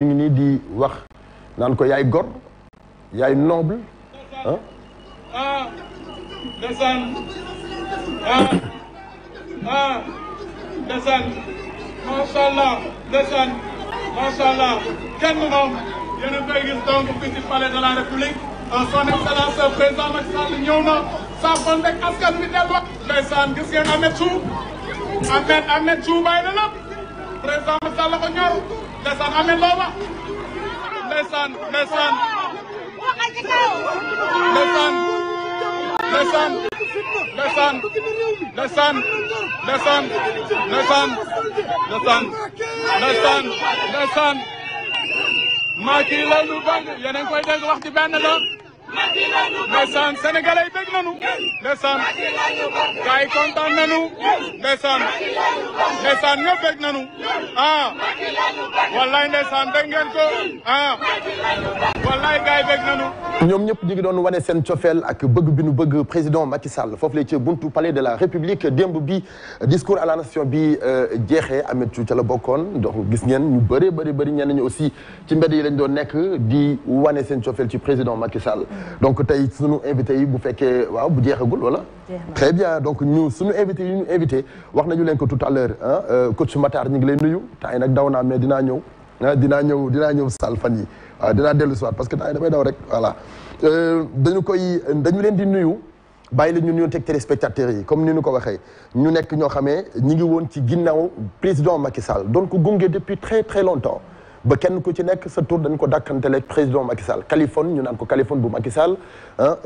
ñu ngi nii di wax naan ko gor yaay noble ah? ah ndeysaan ah ah ndeysaan kenn moom yéen a koy gis donc fii ci palais de la république son excellence président Macky Sall ñëw na sa bon rek askan wi delluwaat ndeysaan gis ngeen Ahmed Thiou Ahmed Ahmed Thiou bàyyi ndeysaan amee booba ndeysaan ndeysaan ndeysaan ndeysaan ndeysaan ndeysaan ndeysaan ndeysaan ndeysaan ndeysaan ndeysaan maa kii la lu bëgg yéen la ndeysaan sénégalais yi bëgg nañu ndeysaan gars yi kontaan nañu ndeysaan ndeysaan ñëpp bëgg nañu ah wallaay ndeysaan dégg ko ah ñoom ñëpp ñu ngi doon wane seen cofeel ak bëgg bi nu bëgg président Macky Sall foofu la ci buntu palais de la République démb bi discours à la nation bi euh, jeexee Ameth ca la bokkoon donc gis ngeen ñu bëree bëri bëri ñenn ñi aussi ci mbedd yi lañ doon nekk di wane seen cofeel ci président Macky Sall. donc tey sunu invité yi bu fekkee waaw bu jeexagul wala. très bien donc ñu sunu invité yi ñu invité wax nañu leen ko tout à l'heure heure ah coach ñu ngi lay nuyu nag daw naa dinaa ñëw. Ah, dinaa ñëw dinaa ñëw saal fan yi waaw ah, dinaa dellu si waat parce que temps yi damay daw rek voilà euh, dañu koy dañu leen di nuyu bàyyi la ñu nuyoon teg téléspectateurs yi comme ni nu ko waxee ñu nekk ñoo xamee ñu ngi woon ci ginnaaw président Macky Sall doon ko gunge depuis très très longtemps ba kenn ku ci nekk sa tour dañ ko dàkkantele président Macky Sall Kaliphone ñu naan ko Kaliphone bu Macky Sall ah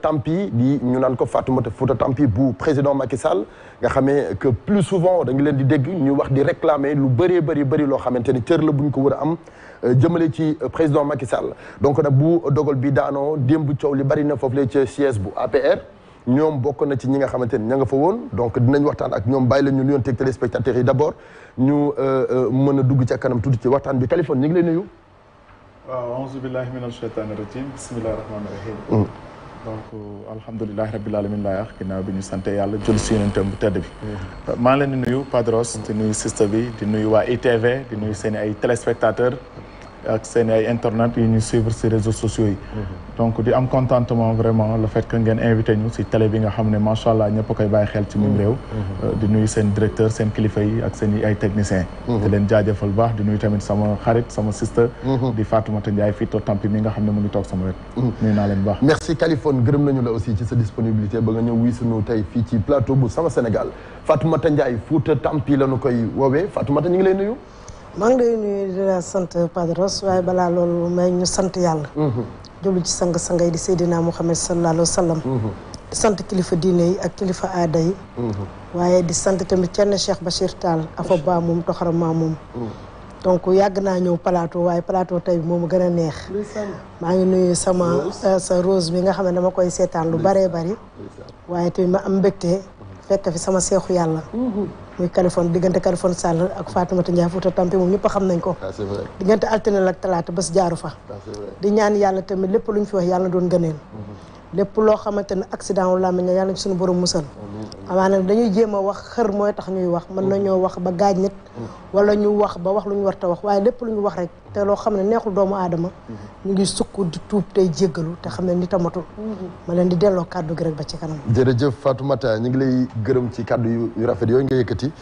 Tampi di ñu naan ko Fatoumata Fouta Tampi bu président Macky Sall nga xamee que plus souvent da leen di dégg ñu wax di réclamer lu bëree bëri bëri loo xamante ni cër la buñ ko war a am euh, jëmale ci euh, président Macky Sall donc nag bu dogal bi daano démb coow li bari na foofu la ci siège bu APR ñoom bokk na ci ñi nga xamante ni ña nga fa woon dinañ waxtaan ak ñoom bàyyi la ñu nuyoon teg téléspectateurs yi d' ñu euh, euh, mën a dugg ca kanam tuuti ci waxtaan bi Kaliphone ñu ngi lay nuyu. waaw aouzu billahi min ashaytani rajim bismillahi rahmani rahim mm. donc euh, alhamdulilahi rabil alamin laa yax ginnaaw bi ñu sante yàlla jël si yonentam bu tedd bi mm. maa ngi leen di nuyu Padros di nuyu bi di nuyu waa ITV di nuyu seen ay téléspectateurs ak seen ay internet yi ñu suivre si réseaux sociaux yi. Mhm. donc di am contentement vraiment le fait que ngeen invité ñu si tele bi nga xam ne macha allah ñëpp koy bàyyi xel ci mim mhm. réew. Mhm. Euh, di nuyu seen directeur seen kilifa yi ak seen i ay techniciens. di leen jaajëfal baax di nuyu tamit sama xarit sama sister. di Fatoumata Ndiaye fii tampi mi nga xam ne mu ngi toog sama wet. nuyu naa leen baax. merci Kaliphone gërëm nañu la aussi ci sa disponibilité ba nga ñëw wuyu sunu tey fii ci plateau la ñu koy woowee Fatoumata ñu ngi lay nuyu. maa ngi lay nuyu sant Padre waaye balaa loolu may ñu sant yàlla. Mhm. jublu ci sang-sang yi di Seydina Muhammad sallallahu alayhi wa sallam. Mhm. di sant kilifa diine yi ak kilifa aada yi. Mhm. waaye di sant tamit cenn Cheikh Bachir Tall afa ba moom toxara maa moom. donc yàgg naa ñëw plateau waaye plateau tey bi moom gën a neex. maa ngi nuyu sama euh, sa rose bi nga xam ne dama koy seetaan lu baree bari. waaye tamit ma am mbégte fekk fi sama seexu yàlla mhm. muy Kaliphone diggante Kaliphone Sall ak Fatoumata Ndiaye a Tampi moom ñëpp a xam nañ ko diggante altine ak talaata bés jaaru fa di ñaan yàlla tamit lépp lu ñu fi wax yàlla doon gëneel mhm. lépp loo xamante ne accident wu làmmiñ la yàlla suñu borom musal amaa dañuy jéem a wax xër mooy tax ñuy wax mën nañoo wax ba gaaj nit wala ñu wax ba wax lu ñu war ta wax waaye lépp lu ñu wax rek te loo xam ne neexul doomu aadama ñu ngi sukk di tey jéggalu te xam ne nit a ma leen di delloo kàddu gi rek ba ci kanam jërëjëf Fatoumata ñu ngi lay gërëm ci kàddu yu rafet yooyu nga yëkkati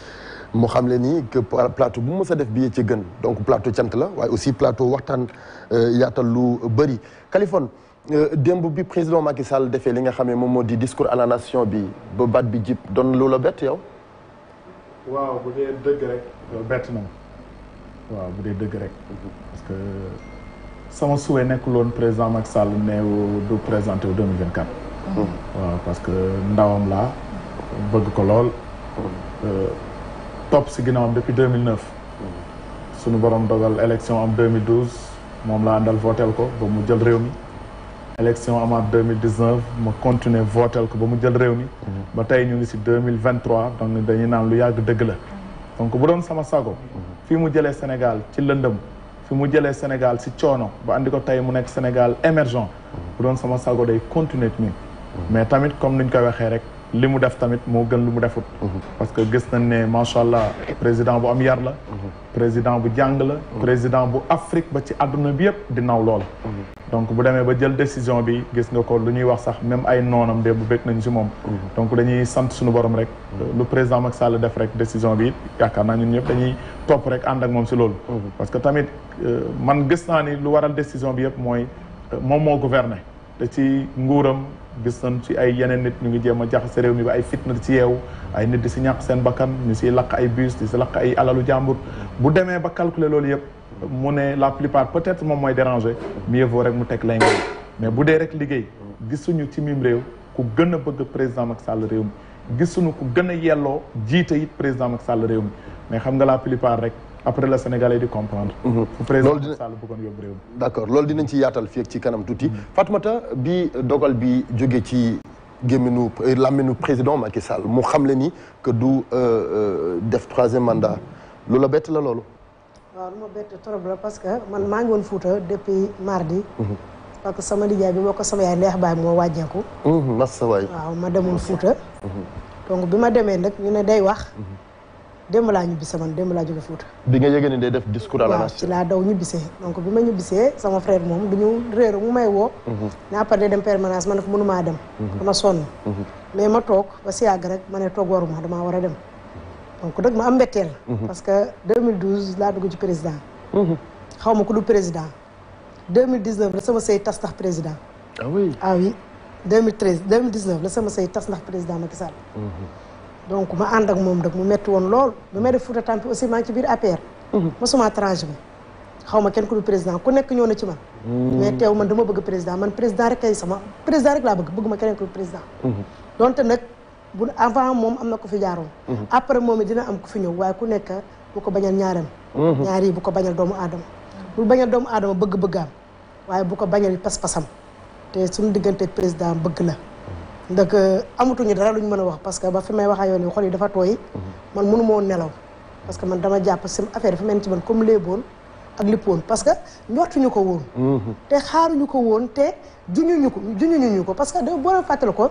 mu xam le ni que plateau bu mu mës a def bii ci gën donc plateau cant la waaye aussi plateau waxtaan euh, yaatal lu bari Kaliphone Euh, démb bi président Macky Sall defee li nga xam ne moom moo di discours à la nation bi ba baat bi jib doon loola bett yow. waaw bu dee dëgg rek. bett na waaw bu dee dëgg rek. parce que sama souhait nekkul woon président Macky Sall ne du présenté wu 2024. waaw parce que ndawam laa bëgg ko lool. Euh, topp si ginnaawam depuis 2009. sunu borom dogal élection am 2012 moom laa àndal votel ko ba mu jël réew mi. élection amaat deux mille dix neuf ma continuer votel ko ba mu jël réew mi. Mhm. ba tey ñu ngi si deux mille vingt trois donc naan lu yàgg dëgg la. donc bu doon sama sago. Mhm. fii mu jëlee Sénégal ci lëndëm. fi mu jëlee Sénégal si coono ba andi ko tey mu nekk Sénégal émergent. Mhm. bu doon sama sago day continuer nii. mais tamit comme ni ñu koy waxee rek. li mu def tamit moo gën lu mu defut. parce que gis nañ ne macha allah président bu am yar la. président bu jàng la. président bu Afrique ba ci àdduna bi yëpp di naw loola. donc bu demee ba jël décision bi gis nga ko lu ñuy wax sax même ay noonam de bu bëgg nañ ci moom mhm. donc dañuy sant suñu borom rek mhm. lu président mag saala def rek décision bi yaakaar naa ñun ñëpp dañuy topp rek ànd ak moom ci loolu mhm. parce que tamit euh, man gis naa ni lu waral décision bi yëpp mooy euh, moom moo gouverné te ci nguuram gis nañ ci ay yeneen nit ñu ngi jéem a jaxase réew mi ba ay fitna ci yeewu ay nit di ci ñàkk seen bakkan ñu ciy lakk ay bus di ci lakk ay alalu jàmbur bu demee ba calculer loolu yëpp mu ne la plupart peut-être moom mooy déranger mieux vaut rek mu teg lay mais bu dee rek liggéey gisuñu ci mim réew ku gën bëgg président Macky Sall réew mi gisuñu ku gën a yelloo jiite it président Macky Sall réew mais xam nga la plupart rek après la Sénégalais di comprendre. Mhm. président Macky Sall bëggoon yóbbu réew mi. d' accord loolu dinañ ci yaatal fii ak ci kanam tuuti. Mhm. Fatoumata bi dogal bi jóge ci. gémminu euh, làmminu président Macky Sall mu xam le ni que du euh, euh, def troisième mandat lu la bett la loolu waaw lu ma bett trop la parce que man maa ngi woon Fuuta depuis mardi. Mhm. parce que sama liggéey bi boo ko sama yaay ndeex baay moo wàjjeeku. massa mhm, waay ma demoon mhm. Fuuta. donc bi ma demee nag ñu ne day wax. démb laa ñibbise man démb laa jóge Fuuta. bi nga yëgee ni def discours à la laa daw ñibbisee donc bi ma ñibbisee sama frère moom du ñu réer mu may woo. ne après day dem permanence ma ne ko dem. dama sonn. mais ma toog ba si yàgg rek ma ne toog waruma damaa war a dem. donc nag ma am mhm. mbetteel. parce que 2012 laa dugg ci président. Mhm. xaw ma ku du président. 2019 la sama sëy tas ndax président. ah oui ah oui 2013 2019 la sama sëy tas ndax président Macky Sall. Mhm. donc ma ànd ak moom nag mu metti woon lool. bi may def Fouta Tampi aussi maa ngi ci biir APR. mosuma transhumé. xaw ma kenn ku du président ku nekk ñoo na ci man. mais teew man dama bëgg président man président rek kay sama président rek laa bëgg ma keneen ku du président. donte nag. bu avant moom am na ko fi jaaroon. Mhm. après moom dina am ku fi ñëw waaye ku nekk bu ko bañal ñaaram. Mhm. ñaar yi bu ko bañal doomu aadama. bu bañal doomu aadama bëgg-bëggaam waaye bu ko bañal pas-pasam te suñu diggante président bëgg la. Mhm. ndax amatuñu dara luñ mën a wax parce que ba fi may wax ak yow nii xol yi dafa tooy. man mënu ma woon nelaw. parce que man dama jàpp seen affaire dafa mel ni ci man comme léeboon ak lippoon parce que njortuñu ko woon. te xaaruñu ko woon te juñuñu ko juñuñu ko parce que boo leen ko.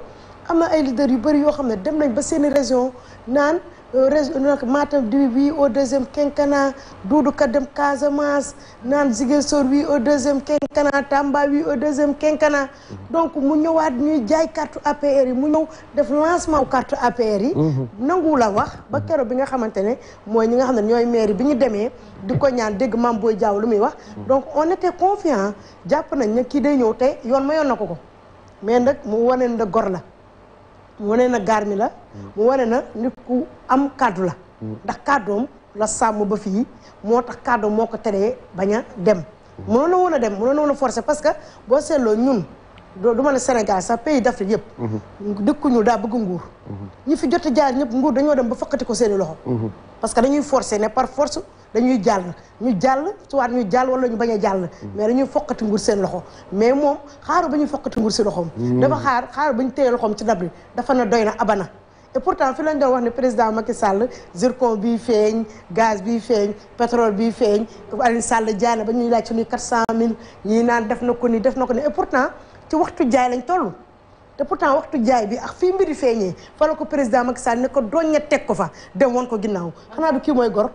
am na ay leaders yu bëri yoo xam ne dem nañ ba seeni région naan euh, région nag Matam di wii au deuxième quinquennat Doudou Ka dem Casamance naan Ziguinchor wii au deuxième quinquennat Tamba wii au deuxième quinquennat mm-hmm. donc mu ñëwaat ñuy jaay carte APR yi mu ñëw def lancement carte APR yi mm-hmm. nangu la wax ba mm-hmm. keroog bi nga xamante ne mooy ñi nga xam ne ñooy maire bi ñu demee di ko ñaan dégg Mame Boye Diao lu muy wax donc on était confiant jàpp nañ ne kii day ñëw tey yoon ma na ko ko mais nag mu waneen da gor la mu wane na gaar mi la mu ware na nit ku am kàddu la ndax kàddoom la sàmm ba fii moo tax kàddoom moo ko teree bañ a dem mënoon na woon a dem mënoon na woon a forcer parce que boo seetloo ñun du ma ne Sénégal sax pays d'Afrique yëpp dëkkuñu daa bëgg nguur ñi fi jot a jaar ñëpp nguur dañoo dem ba fokkati ko seeni loxo mhm. parce que dañuy forcer ne par force dañuy jàll ñu jàll soit ñu jàll wala ñu bañ a jàll mais dañuy foqati nguur seen loxo mais moom xaaru ba ñuy fokkati nguur si loxoom mm. dafa xaar xaaru ba ñu téye loxoom ci ndab li dafa na doy na abana et pourtant fi lañ doon wax ne président Macky Sall zircon bi feeñ gaz bi feeñ pétrole bi feeñ Aliou Sall jaay na ba ñuy laaj suñuy quatre cent mille ñi naan def na ko ni def na ko ni et pourtant ci waxtu jaay lañ toll te pourtant waxtu jaay bi ak fii mbiri feeñee fa la ko président Macky Sall ne ko doñña teg ko fa dem ko ginnaaw xanaa du mooy gor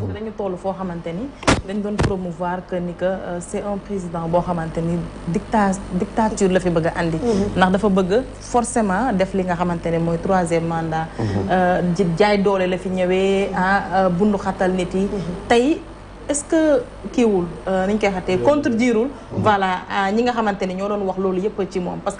parce que dañu toll foo xamante ni dañ doon promouvoir que ni que euh, c'est un président boo xamante ni dicta dictature la fi bëgg a andi. Mm-hmm. ndax dafa bëgg forcément def li nga xamante ne mooy troisième mandat. ji mm-hmm. euh, jaay doole la fi ñëwee ah euh, bundu xatal nit yi. Mm-hmm. tey est-ce que kiiwul niñ koy xatee contredire voilà ñi nga xamante ni ñoo doon wax loolu yëpp ci moom parce que.